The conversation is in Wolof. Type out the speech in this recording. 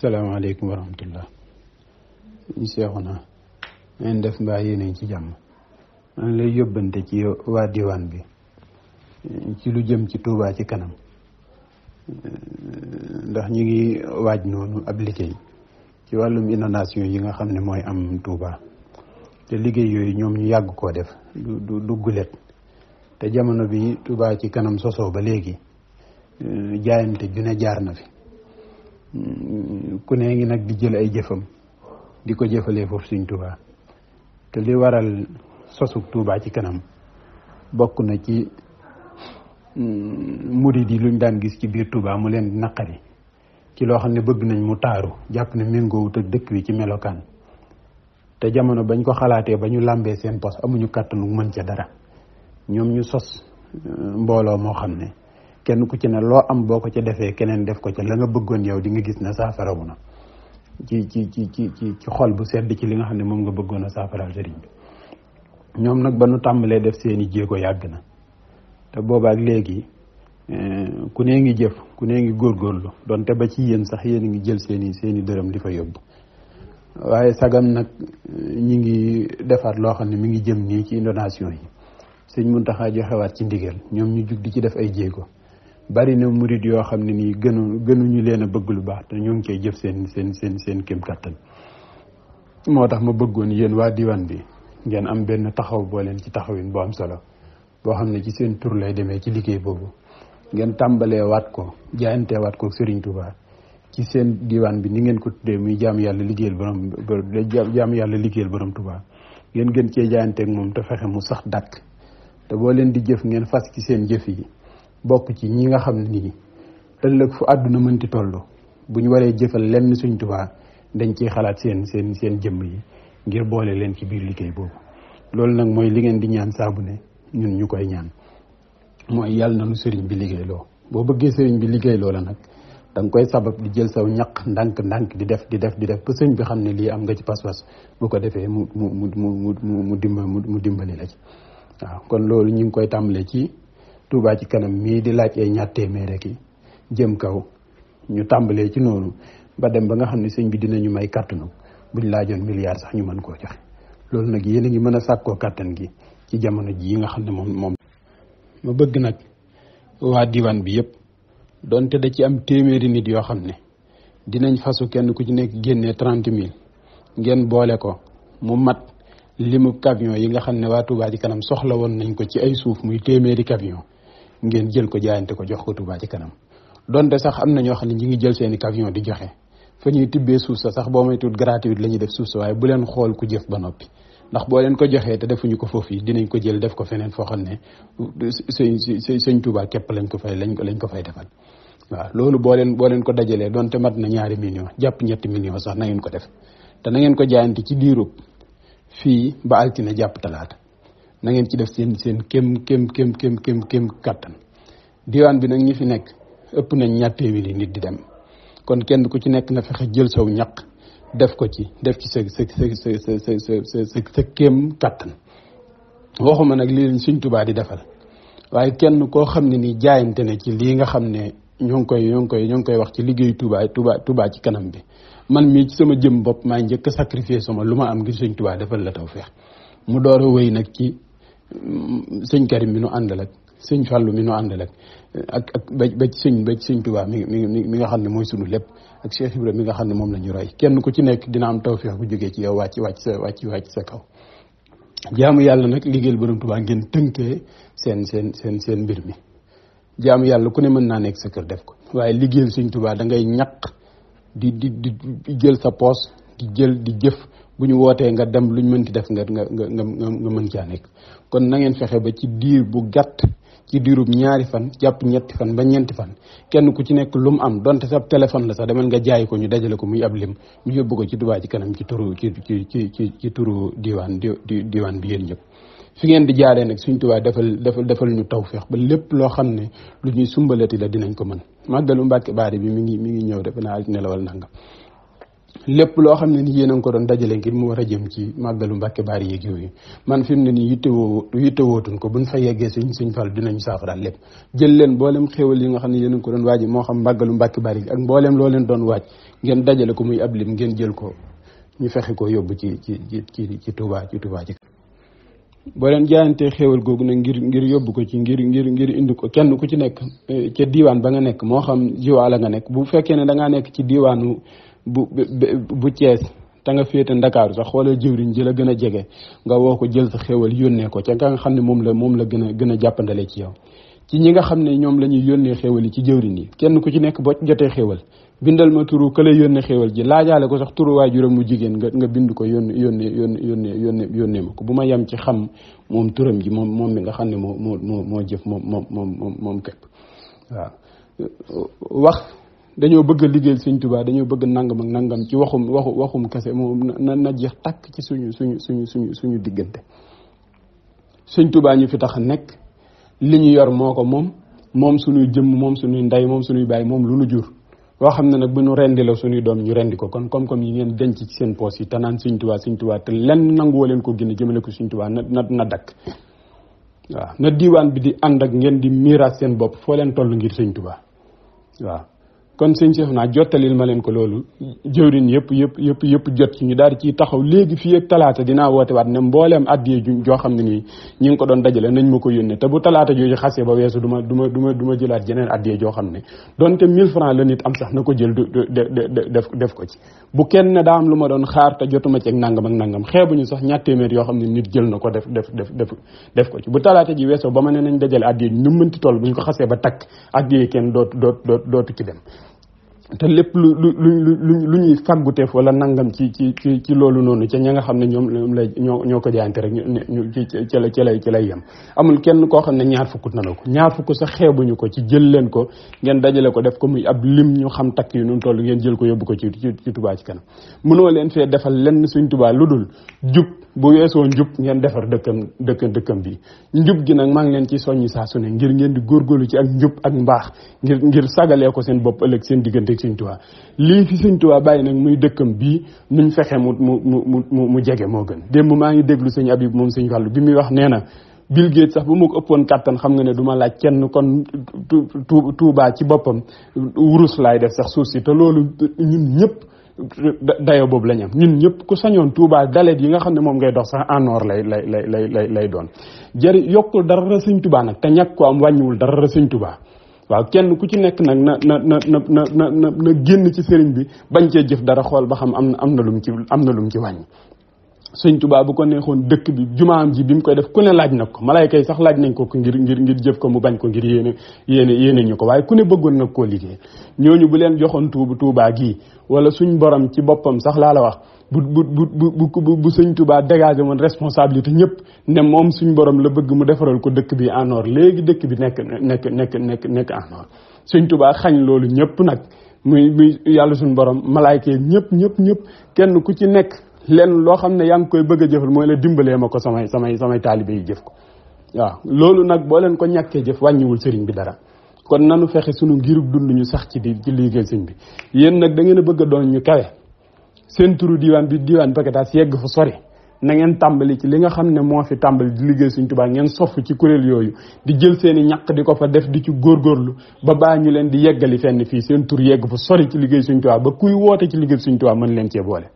salaamaaleykum wa rahmatullah ñu seexu naa ngeen def mbaa yéen ci jàmm maa ngi lay yóbbante ci waa diwaan bi ci lu jëm ci Tuubaa ci kanam ndax ñu ngi waaj noonu ab liggéey ci wàllum inondation yi nga xam ne mooy am Tuubaa te liggéey yooyu ñoom ñu yàgg koo def du du gulet te jamono bi Tuubaa ci kanam sosoo ba léegi jaayante ju ne jaar na fi ku nee ngi nag di jël ay jëfam di ko jëfalee foofu suñ Tuubaa te li waral sosug Tuubaa ci kanam bokk na ci mm, murid yi luñ daan gis ci biir Tuubaa mu leen di naqari ci loo xam ne bëgg nañ mu taaru jàpp ne méngoowut ak dëkk bi ci melokaan te jamono bañ ko xalaatee ba ñu làmbee seen pos amuñu kàttanu mën ca dara ñoom ñu sos eh, mbooloo moo xam ne kenn ku ci ne loo am boo ko ci defee keneen def ko ci la nga bëggoon yow di nga gis ne saafarawu na ci ci ci ci ci ci xol bu sedd ci li nga xam ne moom nga bëggoon a saafaraal sëriñ bi ñoom nag ba nu tàmbalee def seeni jéego yàgg na te boobaak léegi eh, ku ne ngi jëf ku ne ngi góor góorgóorlu donte ba ci yéen sax yéen a ngi jël seeni seeni dërëm di fa yóbbu waaye sagam nag eh, ñi ngi defaat loo xam ne mi ngi jëm nii ci donation yi sëñ Muntaxa joxewaat ci ndigal ñoom ñu jug ci def ay jéego bari na murid yoo xam ne nii gënu gënuñu leen a bëgg lu baax te ñoo ngi koy jëf seen seen seen seen kéem moo tax ma bëggoon yéen waa diwaan bi ngeen am benn taxaw boo leen ci taxawin boo am solo boo xam ne ci seen tur lay demee ci liggéey boobu ngeen tàmbalee waat ko jaayantee waat ko Serigne Touba ci seen diwaan bi ni ngeen ko tuddee muy jaam yàlla liggéeyal borom jaam yàlla liggéeyal borom Touba ngeen gën cee jaayanteeg moom te fexe mu sax dàkk te boo leen di jëf ngeen fas ci seen jëf yi. bokk ci ñi nga xam ne nii ëllëg fu àdduna mënti toll bu ñu waree jëfal lenn suñ tubaa dañ ciy xalaat seen seen seen jëmm yi ngir boole leen ci biir liggéey boobu loolu nag mooy li ngeen di ñaan saabu ne ñun ñu koy ñaan mooy yàlla na nu sëriñ bi liggéey loo boo bëggee sëriñ bi liggéey loo la nag da koy sabab di jël saw ñaq ndànk-ndànk di def di def di def ba bi xam ne lii am nga ci pas-pas boo ko defee mu mu mu mu mu mu mu dimbali la ci waaw kon loolu ci Touba ci kanam mii di laaj ay ñaar téeméer ki jëm kaw ñu tàmbalee ci noonu ba dem ba nga xam ne sëñ bi dinañu may kàttanu buñ laajoon milliard sax ñu man koo joxe loolu nag yéen a ngi mën a sàkkoo kàttan gi ci jamono jii nga xam ne moom moom. ma bëgg nag waa diwaan bi yëpp donte da ci am téeméeri nit yoo xam ne dinañ fasu kenn ku ci nekk génnee trente mille ngeen boole ko mu mat limu camion yi nga xam ne waa Touba ci kanam soxla woon nañ ko ci ay suuf muy téeméeri camion. ngeen jël ko jaayante ko jox ko Touba ci kanam donte sax am na ñoo xam ne ñu ngi jël seen i camion di joxe fa ñuy tibbee suuf sa sax boo may tuut gratuite la ñuy def suuf sa waaye bu leen xool ku jëf ba noppi ndax boo leen ko joxee te defuñu ko foofu yi dinañ ko jël def ko feneen foo xam ne sëñ sëñ Touba képp lañ ko fay lañ ko lañ ko fay defal waaw loolu boo leen ko dajalee donte mat na ñaari million jàpp ñetti million sax na ngeen ko def te na ngeen ko jaayante ci diirub fii ba altine jàpp talaata na ngeen ci def seen seen kem kem kem kem kem kem kàttan diwaan bi nag ñi fi nekk ëpp nañ ñaar téeméeri nit di dem kon kenn ku ci nekk na fexe ñaq def ko ci def ci sa sa sa sa sa sa sa kem kàttan waxuma nag li lañ suñ tubaa di defal waaye kenn koo xam ne ni jaayante ne ci lii nga xam ne ñoo ngi koy ñoo ngi koy ñoo ngi koy wax ci liggéey tubaa tubaa tubaa ci kanam bi man mii ci sama jëm bopp maa njëkk a sacrifier sama lu ma am ngir suñ tubaa defal la tawfeex mu door wéy nag ci sëñ Karim mi nu àndal ak sëñ Fallou mi nu àndal ak ak ak ba ba sëñ ba sëñ Tuubaa mi mi mi nga xam ne mooy sunu lépp ak Cheikh Ibrahima mi nga xam ne moom la ñu roy kenn ku ci nekk dina am tawfeex bu jógee ci yow wàcc wàcc sa wàcc wàcc sa kaw. jaamu yàlla nag ba borom tubaa ngeen tënkee seen seen seen seen mbir mi jaamu yàlla ku ne mën naa nekk sa kër def ko waaye liggéeyal sëñ tubaa da ngay ñaq di di di jël sa poos di jël di jëf. bu ñu wootee nga dem lu ñu mënti def nga nga nga nga mën caa nekk kon nangeen ngeen fexe ba ci diir bu gàtt ci diirub ñaari fan jàpp ñetti fan ba ñeenti fan kenn ku ci nekk lu mu am donte sa téléphone la sax demal nga jaay ko ñu dajale ko muy ab lim ñu yóbbu ko ci Touba ci kanam ci turu ci ci ci ci turu diwaan di diwaan bi yéen ñëpp. fi ngeen di jaaree nag suñ Touba defal defal defal ñu tawféex ba lépp loo xam ne lu ñuy sumbalati la dinañ ko mën màggalu Mbàkke Baari bi mi ngi mi ngi ñëw defe naa ne la wal wala nangam. lépp loo xam ne ni yéen a ngi ko doon dajale ngir mu war a jëm ci màggalu Mbàkke Baari yeeg yooyu man fi mu ne nii yittewoo yittewootuñ ko buñ fa yeggee suñ suñ fal dinañ saafaraal lépp jël leen mboolem xéewal yi nga xam ne yéen ko doon waaj moo xam màggalu Mbàkke Baari ak mboolem loo leen doon waaj ngeen dajale ko muy ab lim ngeen jël ko ñu fexe ko yóbbu ci ci ci ci Tuubaa ci Tuubaa boo leen jaayantee xéewal googu nag ngir ngir yóbbu ko ci ngir ngir ngir indi ko kenn ku ci nekk eh, ca diiwaan ba nga nekk moo xam jiwaala nga nekk bu fekkee ne da nekk ci diiwaanu bu bu Thiès ta nga féete Ndakaaru sax xoolal jëwriñ ji la gën a jege nga woo ko jël sa xéwal yónnee ko ca nga xam ne moom la moom la gën a gën a jàppandale ci yow ci ñi nga xam ne ñoom la ñuy yónnee xewal yi ci jëwriñ yi kenn ku ci nekk boo jotee xewal bindal ma turu ka la yónnee xéwal ji laajaale ko sax turu waajuram mu jigéen nga nga bind ko yónne yónne yónne yónne yónne yónnee ma ko bu ma yem ci xam moom turam ji moom moom mi nga xam ne moo moo moo moo jëf moom moom moom moom képp waaw wax dañoo bëgg a liggéeyal sëñ Tuubaa dañoo bëgg nangam ak nangam ci waxum waxu waxum kese moom na na jeex tàkk ci suñu suñu suñu suñu suñu diggante sëñ Tuubaa ñu fi tax nekk li ñu yor moo ko moom moom suñuy jëmm moom suñuy ndey moom suñuy baay moom lu nu jur loo xam ne nag bu ñu rendi la suñuy doom ñu rendi ko kon koom-koom yi ngeen denc ci seen poos yi te naan sëñ Tuubaa sëñ Tuubaa te lenn nanguwoo leen ko génne jëmale ko sëñ Tuubaa na na na dakk waaw na diiwaan bi di ànd ak ngeen di miiraas seen bopp foo leen toll ngir sëñ Tuubaa kon sëñ Cheikh naa jottalil ma leen ko loolu jëwrin yëpp yëpp yëpp yëpp jot ci ñu daal di ciy taxaw léegi fi ak talaata dinaa woote waat ne mbooleem addiyee ju joo xam ne nii ngi ko doon dajale nañ ma ko yónnee te bu talaata jooju xasee ba weesu du ma ma ma du ma jëlaat jeneen joo xam ne donte mille francs la nit am sax na ko jël du def def ko ci bu kenn daa am lu ma doon xaar te jotuma ceeg ak nangam ak nangam ñu sax ñatt yoo xam ne nit jël na ko def def def def def ko ci bu talaata ji weesoo ba ma ne nañ dajale addiyee ñu mënti toll bu ñu ko xasee ba takk addiyee kenn dootu dootu dootu ci dem te lépp lu lu lu lu ñuy fàgguteef wala nangam ci ci ci ci loolu noonu ca ña nga xam ne ñoom ñoom lay ñoo ñoo ko jaayante rek ñu ci ci la ci lay lay yem. amul kenn koo xam ne ñaar fukk na la ko ñaar fukk sax xeebuñu ko ci jël leen ko ngeen dajale ko def ko muy ab lim ñu xam takk yi nu toll ngeen jël ko yóbbu ko ci ci Touba ci kanam mënoo leen fee defal lenn suñ Touba lu dul jub. bu weesoo njub ngeen defar dëkkam dëkk dëkkam bi njub gi nag maa ngi leen ci soññi saa su ne ngir ngeen di góorgóorlu ci ak njub ak mbaax ngir ngir sagalee ko seen bopp ëllëg seen diggante ak Sëñ Tuubaa lii fi Sëñ Tuubaa bàyyi nag muy dëkkam bii nuñ fexe mu mu mu mu mu jege moo gën démb maa ngi déglu sëñ Abib moom sëñ Fàllu bi muy wax nee na Bill Gates sax bu mu ëppoon kàttan xam nga ne du ma laaj kenn kon tu Tuubaa ci boppam wurus laay def sax suuf si te loolu ñëpp dayo boobu la am ñun ñëpp ku sañoon Touba dalet yi nga xam ne moom ngay dox sax en or lay lay lay lay lay doon jëri yokkul dara sëñ Touba nag te ñàkk ko am wàññiwul dara sëñ Touba waaw kenn ku ci nekk nag na na na na na na génn ci sëriñ bi bañ cee jëf dara xool ba xam am na am na lu mu ci am na lu mu ci wàññi sëñ tubaa bu ko neexoon dëkk bi jumaam ji bi mu koy def ku ne laaj na ko malayka yi sax laaj nañ ko ngir ngir ngir jëf ko mu bañ ko ngir yéene yéene yéene ñu ko waaye ku ne bëggoon nag koo liggéey ñooñu bu leen joxoon tuubu Tuubaa gii wala suñ borom ci boppam sax laa la wax bu bu bu bu bu sëñ Tuubaa dégagé woon responsabilité ñëpp ne moom suñ borom la bëgg mu defaral ko dëkk bi en or léegi dëkk bi nekk nekk nekk nekk nekk en or sëñ Tuubaa xañ loolu ñëpp nag muy muy yàlla suñ borom malayka yi ñëpp ñëpp ñëpp kenn ku ci nekk lenn loo xam ne yaa ngi koy bëgg a jëfal mooy la dimbalee ma ko samay samay samay taalibe yi jëf ko waaw loolu nag boo leen ko ñàkkee jëf wàññiwul sëriñ bi dara kon nanu fexe sunu ngirub dund ñu sax ci di ci liggéey sëñ bi yéen nag da a bëgg doon ñu kawe seen turu diwaan bi diwaan Paquetage yegg fu sori na ngeen tàmbali ci li nga xam ne moo fi tàmbali di liggéey Sëñ Tuubaa ngeen sof ci kuréel yooyu di jël seen i ñàq di ko fa def di ci góorgóorlu ba baa ñu leen di yeggali fenn fii seen tur yegg fu sori ci liggéey Sëñ Tuubaa ba kuy woote ci liggéey Sëñ Tuubaa mën leen cee boole